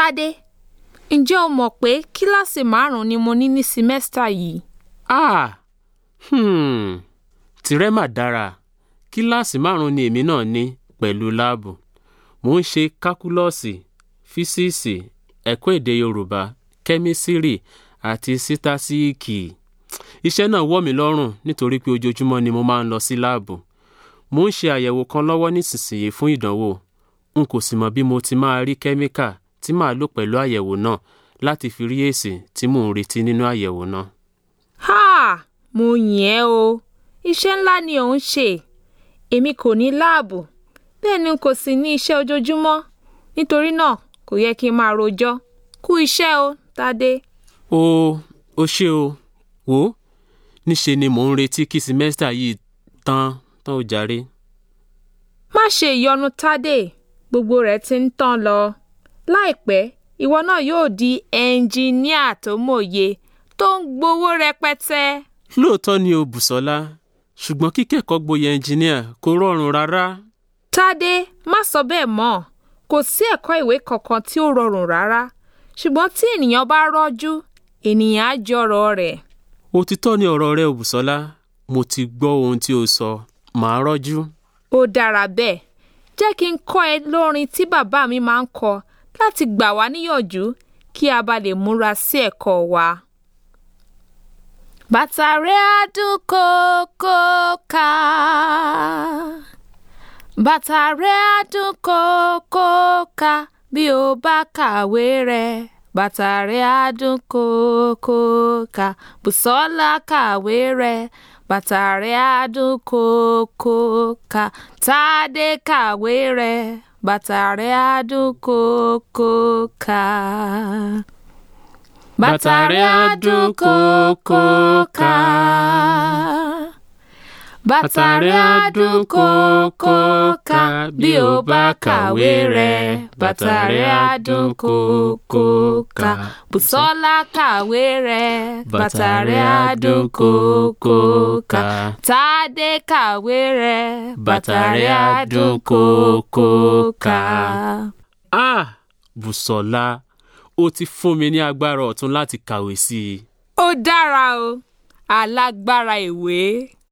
Sade, ǹjẹ́ o mọ̀ pé kíláàsì márùn-ún ni mo ní ní simẹ́sítà yìí? Háà! Ah, hmm. Tìrẹ mà dára. Kíláàsì márùn-ún ni èmi náà ní pẹ̀lú láàbù. Mò ń ṣe kákúlọ́ọ̀sì, físíìsì, ẹ̀kọ́ èdè Yorùbá, kẹ́mísírì àti sítátíìkì. Iṣẹ́ náà wọ̀ mí lọ́rùn nítorí pé ojoojúmọ́ ni mo máa ń lọ sí láàbù. Mò ń ṣe àyẹ̀wò kan lọ́wọ́ nísinsìnyí fún ìdánwò. N kò sì mọ bí mo ti máa rí kẹ́míkà tí màá lò pẹ̀lú àyẹ̀wò náà láti fi rí èsì tí mò ń retí nínú àyẹ̀wò náà. ha mo yìn ẹ́ o iṣẹ́ ńlá ni ò ń ṣe èmi kò ní láàbù bẹ́ẹ̀ ni kò sì ní iṣẹ́ ojoojúmọ́ nítorí náà kò yẹ kí n máa rojọ́ kú iṣẹ́ o tade. o ò ṣe o wò níṣe ni mò ń retí kí simẹ́sítà yìí tán tán ó jàre. má ṣe ìyọnu Tádé gbogbo rẹ̀ ti ń tán lọ. Láìpẹ́, ìwọ náà yóò di ẹnjiníà tó mòye, tó ń gbowó rẹpẹtẹ. Lóòótọ́ ni o Bùsọ́lá, ṣùgbọ́n kíkẹ́kọ̀ọ́ gboyè ẹnjiníà kò rọrùn rárá. Tádé, má sọ bẹ́ẹ̀ mọ́. Kò sí ẹ̀kọ́ ìwé kankan tí ó rọrùn rárá. Ṣùgbọ́n tí ènìyàn bá rọ́jú, ènìyàn á jọrọ̀ rẹ̀. Òtítọ́ ni ọ̀rọ̀ rẹ Bùsọ́lá. Mo ti gbọ́ ohun tí o sọ, màá rọ́jú. Ó dára bẹ́ẹ̀. Jẹ́ kí n kọ́ ẹ lórin tí bàbá mi máa ń kọ láti gbà wá níyànjú kí a bá lè múra sí ẹ̀kọ́ wa. Bàtà rẹ̀ á dún kókóká. bí o bá kàwé rẹ̀. Bàtà rẹ̀ á dún Bùsọ́lá kàwé rẹ̀. Bàtà rẹ̀ á dún kókóká. kàwé rẹ̀. Bataria do á dún kókóka. bàtà rẹ̀ á bàtà rẹ̀ á dún kókó ká bí o bá kàwé rẹ̀ bàtà rẹ̀ á dún kókó ká Bùsọ́lá kàwé rẹ̀ bàtà rẹ̀ á dún kókó ká Tádé kàwé rẹ̀ bàtà rẹ̀ á ká. ah Bùsọ́lá o ti fún mi ní agbára ọ̀tún láti kàwé sí i. ó dára o alágbára ìwé.